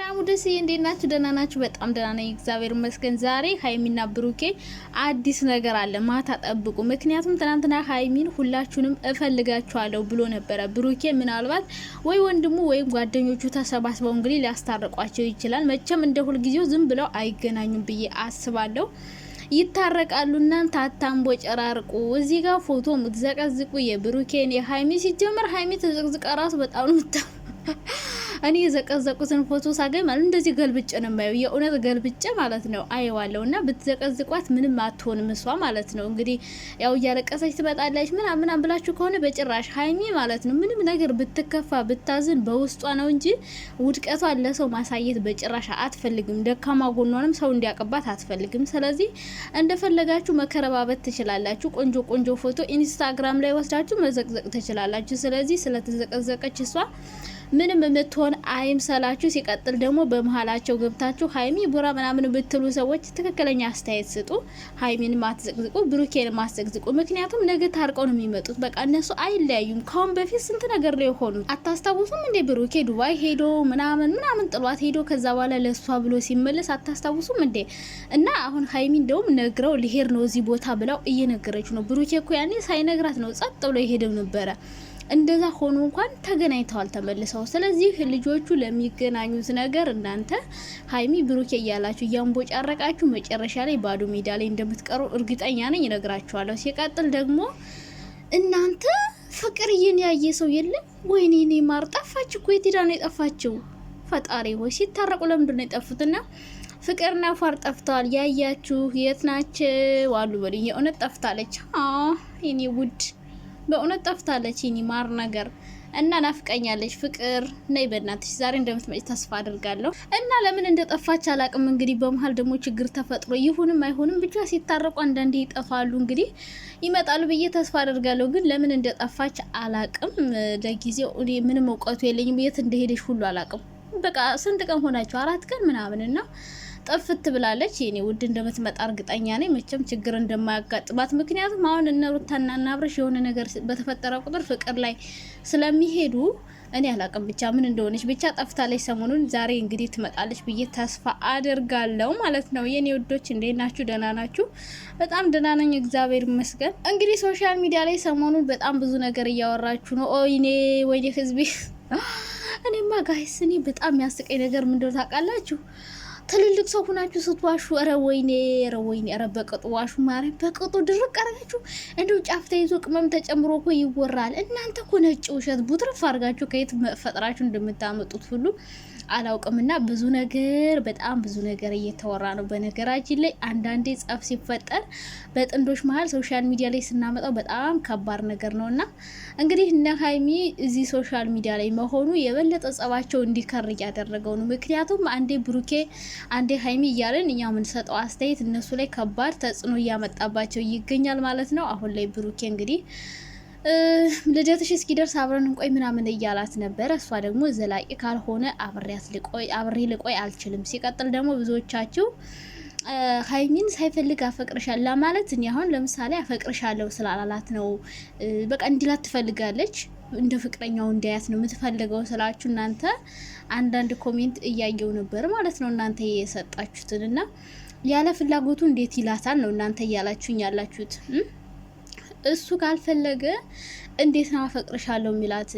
ሰላም ደስ እንዴት ናችሁ? ደህና ናችሁ? በጣም ደህና ነኝ፣ እግዚአብሔር ይመስገን። ዛሬ ሀይሚና ብሩኬ አዲስ ነገር አለ፣ ማታ ጠብቁ። ምክንያቱም ትናንትና ሀይሚን ሁላችሁንም እፈልጋችኋለሁ ብሎ ነበረ ብሩኬ። ምናልባት ወይ ወንድሙ ወይም ጓደኞቹ ተሰባስበው እንግዲህ ሊያስታርቋቸው ይችላል። መቼም እንደ ሁልጊዜው ዝም ብለው አይገናኙም ብዬ አስባለሁ። ይታረቃሉ። እናንተ አታምቦ ጨራርቁ። እዚህ ጋር ፎቶ ምትዘቀዝቁ የብሩኬን የሀይሚ ሲጀምር ሀይሚ ተዘቅዝቀ ራሱ በጣም ነው እኔ የዘቀዘቁትን ፎቶ ሳገኝ ማለት እንደዚህ ገልብጭ ነው የማየው። የእውነት ገልብጭ ማለት ነው አየዋለሁ። እና ብትዘቀዝቋት ምንም አትሆንም እሷ ማለት ነው። እንግዲህ ያው እያለቀሰች ትመጣለች ምናምን ምናምን ብላችሁ ከሆነ በጭራሽ ሀይሚ ማለት ነው ምንም ነገር ብትከፋ ብታዝን በውስጧ ነው እንጂ ውድቀቷ ለሰው ማሳየት በጭራሽ አትፈልግም። ደካማ ጎኗንም ሰው እንዲያቀባት አትፈልግም። ስለዚህ እንደፈለጋችሁ መከረባበት ትችላላችሁ። ቆንጆ ቆንጆ ፎቶ ኢንስታግራም ላይ ወስዳችሁ መዘቅዘቅ ትችላላችሁ። ስለዚህ ስለተዘቀዘቀች እሷ ምንም የምትሆን አይምሰላችሁ። ሲቀጥል ደግሞ በመሀላቸው ገብታችሁ ሀይሚ ቡራ ምናምን የምትሉ ሰዎች ትክክለኛ አስተያየት ስጡ። ሀይሚን ማትዘቅዝቁ፣ ብሩኬን ማትዘቅዝቁ። ምክንያቱም ነገ ታርቀው ነው የሚመጡት። በቃ እነሱ አይለያዩም። ካሁን በፊት ስንት ነገር ላይ የሆኑት አታስታውሱም እንዴ? ብሩኬ ዱባይ ሄዶ ምናምን ምናምን ጥሏት ሄዶ ከዛ በኋላ ለእሷ ብሎ ሲመለስ አታስታውሱም እንዴ? እና አሁን ሀይሚ እንደውም ነግረው ልሄድ ነው እዚህ ቦታ ብለው እየነገረች ነው። ብሩኬ እኮ ያኔ ሳይነግራት ነው ጸጥ ብሎ የሄደው ነበረ። እንደዛ ሆኖ እንኳን ተገናኝተዋል ተመልሰው። ስለዚህ ልጆቹ ለሚገናኙት ነገር እናንተ ሀይሚ ብሩኬ እያላችሁ እያንቦጫረቃችሁ መጨረሻ ላይ ባዶ ሜዳ ላይ እንደምትቀሩ እርግጠኛ ነኝ፣ እነግራችኋለሁ። ሲቀጥል ደግሞ እናንተ ፍቅርዬን ያየ ሰው የለም። ወይኔ ኔ ማር ጠፋች እኮ ነው የጠፋችው? ፈጣሪ ሆይ ሲታረቁ ለምንድን ነው የጠፉትና ፍቅርና ፏር ጠፍተዋል። ያያችሁ የት ናቸው ዋሉ በልኝ። የእውነት ጠፍታለች የኔ ውድ በእውነት ጠፍታለች ይኒ ማር ነገር እና ናፍቀኛለች። ፍቅር ነይ በእናትሽ ዛሬ እንደምትመጪ ተስፋ አድርጋለሁ። እና ለምን እንደጠፋች አላቅም። እንግዲህ በመሀል ደግሞ ችግር ተፈጥሮ ይሁንም አይሁንም ብቻ ሲታረቁ አንዳንዴ ይጠፋሉ። እንግዲህ ይመጣሉ ብዬ ተስፋ አድርጋለሁ። ግን ለምን እንደጠፋች አላቅም። ለጊዜው እኔ ምንም እውቀቱ የለኝም። የት እንደሄደች ሁሉ አላቅም። በቃ ስንት ቀን ሆናቸው? አራት ቀን ምናምን እና ጥፍት ብላለች። የኔ ውድ እንደምትመጣ እርግጠኛ ነኝ፣ መቼም ችግር እንደማያጋጥባት። ምክንያቱም አሁን እነ ሩታና እነ አብርሽ የሆነ ነገር በተፈጠረ ቁጥር ፍቅር ላይ ስለሚሄዱ እኔ አላቅም ብቻ ምን እንደሆነች ብቻ ጠፍታለች። ሰሞኑን ዛሬ እንግዲህ ትመጣለች ብዬ ተስፋ አድርጋለሁ ማለት ነው። የኔ ውዶች እንዴት ናችሁ? ደህና ናችሁ? በጣም ደህና ነኝ እግዚአብሔር ይመስገን። እንግዲህ ሶሻል ሚዲያ ላይ ሰሞኑን በጣም ብዙ ነገር እያወራችሁ ነው። ኦይኔ ወይኔ ህዝቤ እኔማ ጋይስ እኔ በጣም ያስቀኝ ነገር ምንድነው ታውቃላችሁ? ትልልቅ ሰው ሁናችሁ ስትዋሹ፣ ኧረ ወይኔ፣ ኧረ ወይኔ፣ ኧረ በቅጡ ዋሹ። ማርያም በቅጡ ድርቅ አርጋችሁ እንዲሁ ጫፍ ተይዞ ቅመም ተጨምሮ እኮ ይወራል። እናንተ እኮ ነጭ ውሸት ቡትርፍ አርጋችሁ ከየት ፈጥራችሁ እንደምታመጡት ሁሉ አላውቅምና ብዙ ነገር በጣም ብዙ ነገር እየተወራ ነው። በነገራችን ላይ አንዳንዴ ጸብ ሲፈጠር በጥንዶች መሀል ሶሻል ሚዲያ ላይ ስናመጣው በጣም ከባድ ነገር ነው እና እንግዲህ እነ ሀይሚ እዚህ ሶሻል ሚዲያ ላይ መሆኑ የበለጠ ጸባቸው እንዲከር እያደረገው ነው። ምክንያቱም አንዴ ብሩኬ አንዴ ሀይሚ እያለን እኛ የምንሰጠው አስተያየት እነሱ ላይ ከባድ ተጽዕኖ እያመጣባቸው ይገኛል ማለት ነው። አሁን ላይ ብሩኬ እንግዲህ ልደትሽ እስኪደርስ አብረን እንቆይ ምናምን እያላት ነበር እሷ ደግሞ ዘላቂ ካልሆነ አብሬ ልቆይ አልችልም። ሲቀጥል ደግሞ ብዙዎቻችሁ ሀይሚን ሳይፈልግ አፈቅርሻል ለማለት እኔ አሁን ለምሳሌ አፈቅርሻለሁ ስላላላት ነው በቃ እንዲላት ትፈልጋለች። እንደ ፍቅረኛው እንዲያያት ነው የምትፈልገው ስላችሁ እናንተ አንዳንድ ኮሜንት እያየው ነበር ማለት ነው እናንተ የሰጣችሁትን እና ያለ ፍላጎቱ እንዴት ይላታል ነው እናንተ እያላችሁኝ ያላችሁት። እሱ ካልፈለገ እንዴት ነው አፈቅርሻለሁ የሚላት?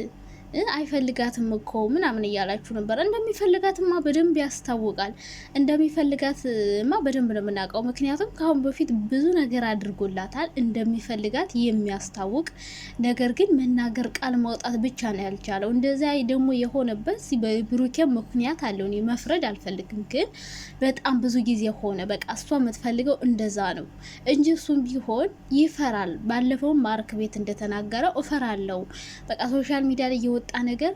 አይፈልጋትም እኮ ምናምን እያላችሁ ነበር። እንደሚፈልጋትማ በደንብ ያስታውቃል። እንደሚፈልጋትማ በደንብ ነው የምናውቀው። ምክንያቱም ከአሁን በፊት ብዙ ነገር አድርጎላታል እንደሚፈልጋት የሚያስታውቅ ነገር ግን መናገር ቃል ማውጣት ብቻ ነው ያልቻለው። እንደዚያ ደግሞ የሆነበት በብሩኬ ምክንያት አለው። እኔ መፍረድ አልፈልግም፣ ግን በጣም ብዙ ጊዜ ሆነ። በቃ እሷ የምትፈልገው እንደዛ ነው እንጂ እሱም ቢሆን ይፈራል። ባለፈው ማርክ ቤት እንደተናገረው እፈራለው በቃ ሶሻል ሚዲያ ላይ የወጣ ነገር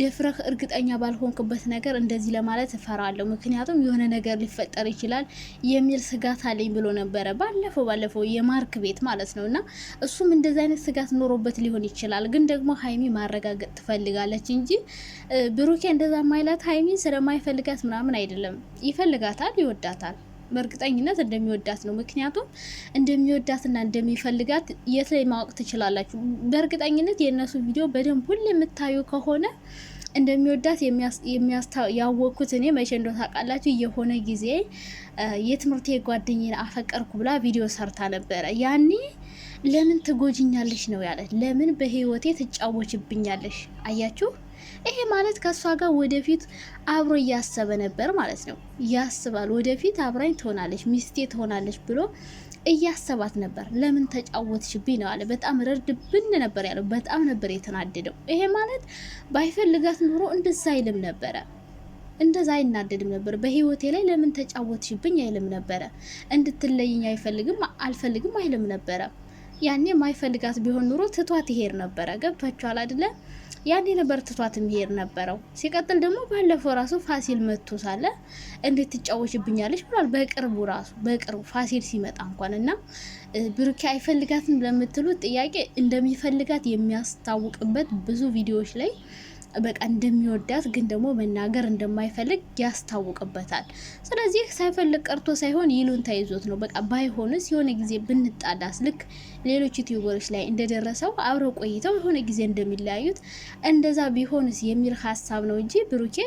ደፍረህ እርግጠኛ ባልሆንክበት ነገር እንደዚህ ለማለት እፈራለሁ፣ ምክንያቱም የሆነ ነገር ሊፈጠር ይችላል የሚል ስጋት አለኝ ብሎ ነበረ ባለፈው ባለፈው የማርክ ቤት ማለት ነው። እና እሱም እንደዚ አይነት ስጋት ኖሮበት ሊሆን ይችላል፣ ግን ደግሞ ሀይሚ ማረጋገጥ ትፈልጋለች እንጂ ብሩኬ እንደዛ ማይላት ሀይሚ ስለማይፈልጋት ምናምን አይደለም፣ ይፈልጋታል፣ ይወዳታል። በእርግጠኝነት እንደሚወዳት ነው። ምክንያቱም እንደሚወዳትና እንደሚፈልጋት የት ላይ ማወቅ ትችላላችሁ። በእርግጠኝነት የእነሱ ቪዲዮ በደንብ ሁሉ የምታዩ ከሆነ እንደሚወዳት ያወቅኩት እኔ መቼ እንደሆነ ታውቃላችሁ። የሆነ ጊዜ የትምህርት ጓደኝን አፈቀርኩ ብላ ቪዲዮ ሰርታ ነበረ ያኔ ለምን ትጎጂኛለሽ ነው ያለ። ለምን በህይወቴ ትጫወችብኛለሽ? አያችሁ፣ ይሄ ማለት ከእሷ ጋር ወደፊት አብሮ እያሰበ ነበር ማለት ነው። ያስባል፣ ወደፊት አብራኝ ትሆናለች፣ ሚስቴ ትሆናለች ብሎ እያሰባት ነበር። ለምን ተጫወትሽብኝ ነው አለ። በጣም ረድ ብን ነበር ያለው። በጣም ነበር የተናደደው። ይሄ ማለት ባይፈልጋት ኑሮ እንደዛ አይልም ነበረ፣ እንደዛ አይናደድም ነበር። በህይወቴ ላይ ለምን ተጫወትሽብኝ አይልም ነበረ። እንድትለይኝ አይፈልግም አልፈልግም አይልም ነበረ። ያኔ ማይፈልጋት ቢሆን ኑሮ ትቷት ይሄድ ነበረ። ገብቷችኋል አይደለ? ያኔ ነበር ትቷት የሚሄድ ነበረው። ሲቀጥል ደግሞ ባለፈው ራሱ ፋሲል መጥቶ ሳለ እንዴት ትጫወችብኛለች ብሏል። በቅርቡ ራሱ በቅርቡ ፋሲል ሲመጣ እንኳን እና ብሩኬ አይፈልጋትም ለምትሉት ጥያቄ እንደሚፈልጋት የሚያስታውቅበት ብዙ ቪዲዮዎች ላይ በቃ እንደሚወዳት ግን ደግሞ መናገር እንደማይፈልግ ያስታውቅበታል። ስለዚህ ሳይፈልግ ቀርቶ ሳይሆን ይሉን ተይዞት ነው። በቃ ባይሆንስ የሆነ ጊዜ ብንጣዳስ ልክ ሌሎች ዩቲዩበሮች ላይ እንደደረሰው አብረው ቆይተው የሆነ ጊዜ እንደሚለያዩት እንደዛ ቢሆንስ የሚል ሀሳብ ነው እንጂ ብሩኬ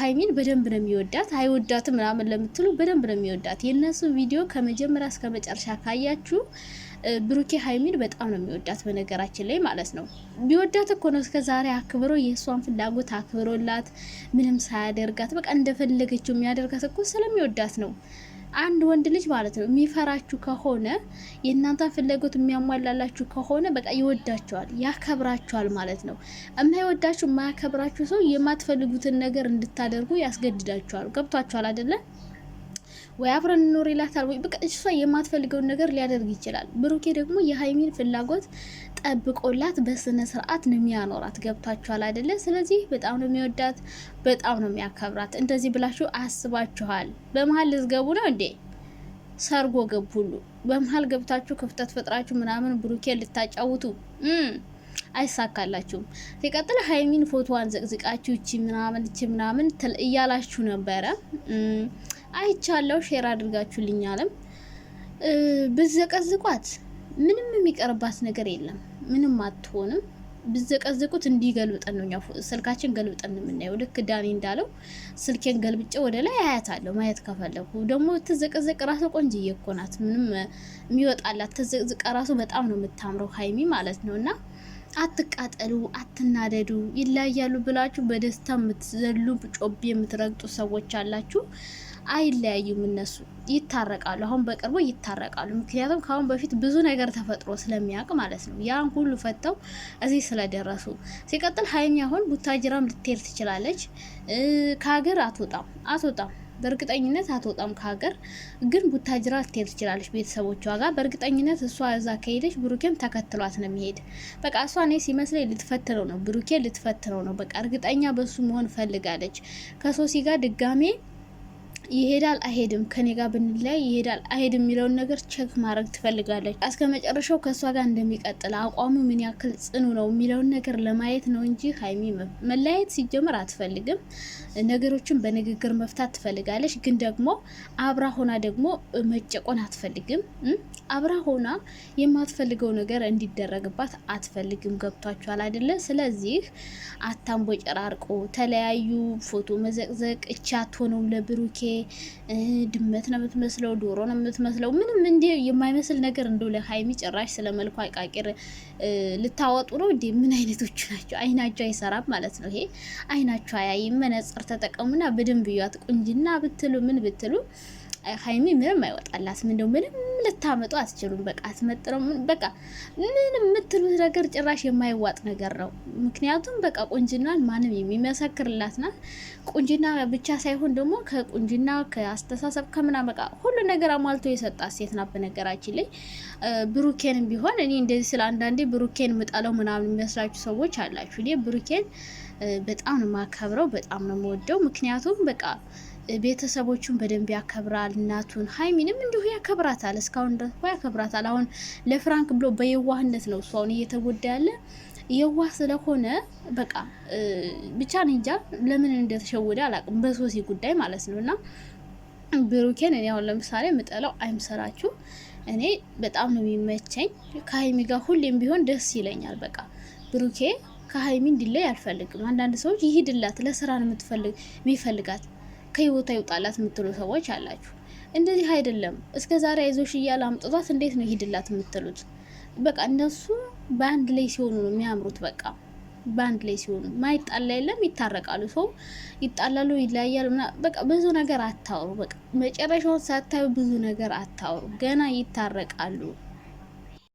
ሀይሚን በደንብ ነው የሚወዳት። አይወዳትም ምናምን ለምትሉ በደንብ ነው የሚወዳት። የእነሱ ቪዲዮ ከመጀመሪያ እስከ መጨረሻ ካያችሁ ብሩኬ ሀይሚን በጣም ነው የሚወዳት በነገራችን ላይ ማለት ነው። ቢወዳት እኮ ነው እስከ ዛሬ አክብሮ የእሷን ፍላጎት አክብሮላት ምንም ሳያደርጋት በቃ እንደፈለገችው የሚያደርጋት እኮ ስለሚወዳት ነው። አንድ ወንድ ልጅ ማለት ነው የሚፈራችሁ ከሆነ የእናንተ ፍላጎት የሚያሟላላችሁ ከሆነ በቃ ይወዳችኋል፣ ያከብራችኋል ማለት ነው። የማይወዳችሁ የማያከብራችሁ ሰው የማትፈልጉትን ነገር እንድታደርጉ ያስገድዳችኋል። ገብቷችኋል አይደለም? ወይ አብረን እንኖር ይላታል፣ ወይ በቃ እሷ የማትፈልገውን ነገር ሊያደርግ ይችላል። ብሩኬ ደግሞ የሀይሚን ፍላጎት ጠብቆላት በስነ ስርዓት ነው የሚያኖራት። ገብታችኋል አይደለ? ስለዚህ በጣም ነው የሚወዳት፣ በጣም ነው የሚያከብራት። እንደዚህ ብላችሁ አስባችኋል? በመሀል ልትገቡ ነው እንዴ? ሰርጎ ገብ ሁሉ በመሀል ገብታችሁ ክፍተት ፈጥራችሁ ምናምን ብሩኬ ልታጫውቱ አይሳካላችሁም። ሲቀጥል ሀይሚን ፎቶዋን ዘቅዝቃችሁ እቺ ምናምን እቺ ምናምን እያላችሁ ነበረ። አይቻለው ሼር አለም ብዘቀዝቋት ምንም የሚቀርባት ነገር የለም፣ ምንም አትሆንም። ብዘቀዝቁት እንዲህ ገልብጠን ነው እኛ ስልካችን ገልብጠን የምናየው። ልክ ዳኒ እንዳለው ስልኬን ገልብጬ ወደ ላይ አያታለሁ። ማየት ከፈለኩ ደግሞ ትዘቀዘቅ ራሱ ቆንጅዬ እኮ ናት፣ ምንም የሚወጣላት ትዘቅዝቃ ራሱ በጣም ነው የምታምረው ሀይሚ ማለት ነው። እና አትቃጠሉ፣ አትናደዱ። ይለያሉ ብላችሁ በደስታ የምትዘሉ ጮቤ የምትረግጡ ሰዎች አላችሁ። አይለያዩም። እነሱ ይታረቃሉ። አሁን በቅርቡ ይታረቃሉ። ምክንያቱም ከአሁን በፊት ብዙ ነገር ተፈጥሮ ስለሚያውቅ ማለት ነው። ያን ሁሉ ፈተው እዚህ ስለደረሱ ሲቀጥል፣ ሀይሚ አሁን ቡታጅራም ልትሄድ ትችላለች። ከሀገር አትወጣም አትወጣም በእርግጠኝነት አትወጣም ከሀገር ግን ቡታጅራ ልትሄድ ትችላለች ቤተሰቦቿ ጋር። በእርግጠኝነት እሷ እዛ ከሄደች ብሩኬም ተከትሏት ነው የሚሄድ። በቃ እሷ እኔ ሲመስለኝ ልትፈትነው ነው፣ ብሩኬ ልትፈትነው ነው። በቃ እርግጠኛ በሱ መሆን ፈልጋለች። ከሶሲ ጋር ድጋሜ ይሄዳል አይሄድም፣ ከኔ ጋር ብንለያይ ይሄዳል አይሄድም የሚለውን ነገር ቼክ ማድረግ ትፈልጋለች። እስከ መጨረሻው ከእሷ ጋር እንደሚቀጥል አቋሙ ምን ያክል ጽኑ ነው የሚለውን ነገር ለማየት ነው እንጂ ሀይሚ መለያየት ሲጀምር አትፈልግም። ነገሮችን በንግግር መፍታት ትፈልጋለች። ግን ደግሞ አብራ ሆና ደግሞ መጨቆን አትፈልግም። አብራ ሆና የማትፈልገው ነገር እንዲደረግባት አትፈልግም። ገብቷችኋል አይደለ? ስለዚህ አታምቦ ጨራርቆ ተለያዩ፣ ፎቶ መዘቅዘቅ፣ እቻ ሆነው ለብሩኬ ድመት ነው የምትመስለው፣ ዶሮ ነው የምትመስለው። ምንም እንዲ የማይመስል ነገር እንደ ለሀይሚ ጭራሽ ስለ መልኩ አቃቂር ልታወጡ ነው እንዴ? ምን አይነቶቹ ናቸው? አይናቸው አይሰራም ማለት ነው። ይሄ አይናቸው አያይም። መነጽር ተጠቀሙና በደንብ እዩት። ቁንጅና ብትሉ ምን ብትሉ ሀይሚ ምንም አይወጣላትም። እንደው ምንም ልታመጡ አትችሉም በቃ አትመጥረው። በቃ ምን የምትሉት ነገር ጭራሽ የማይዋጥ ነገር ነው። ምክንያቱም በቃ ቁንጅናን ማንም የሚመሰክርላት ናት። ቁንጅና ብቻ ሳይሆን ደግሞ ከቁንጅና ከአስተሳሰብ ከምና በቃ ሁሉ ነገር አሟልቶ የሰጣት ሴት ናት። በነገራችን ላይ ብሩኬን ቢሆን እኔ እንደዚህ ስለ አንዳንዴ ብሩኬን ምጣለው ምናምን የሚመስላችሁ ሰዎች አላችሁ። እኔ ብሩኬን በጣም ነው የማከብረው፣ በጣም ነው የምወደው። ምክንያቱም በቃ ቤተሰቦቹን በደንብ ያከብራል። እናቱን ሀይሚንም እንዲሁ ያከብራታል። እስካሁን ድረስ ያከብራታል። አሁን ለፍራንክ ብሎ በየዋህነት ነው እሷ አሁን እየተጎዳ ያለ የዋህ ስለሆነ በቃ ብቻ እንጃ ለምን እንደተሸወደ አላቅም በሶሲ ጉዳይ ማለት ነው። እና ብሩኬን እኔ አሁን ለምሳሌ ምጠለው አይምሰራችሁ እኔ በጣም ነው የሚመቸኝ ከሀይሚ ጋር ሁሌም ቢሆን ደስ ይለኛል። በቃ ብሩኬ ከሀይሚ እንዲለይ አልፈልግም። አንዳንድ ሰዎች ይሂድላት ለስራ ነው የሚፈልጋት ከህይወታ ይውጣላት የምትሉ ሰዎች አላችሁ። እንደዚህ አይደለም። እስከ ዛሬ አይዞሽ እያለ አምጥቷት እንዴት ነው ሂድላት የምትሉት? በቃ እነሱ በአንድ ላይ ሲሆኑ ነው የሚያምሩት። በቃ በአንድ ላይ ሲሆኑ ማይጣላ የለም። ይታረቃሉ፣ ሰው ይጣላሉ፣ ይለያያሉ። በቃ ብዙ ነገር አታውሩ። በቃ መጨረሻውን ሳታዩ ብዙ ነገር አታውሩ። ገና ይታረቃሉ።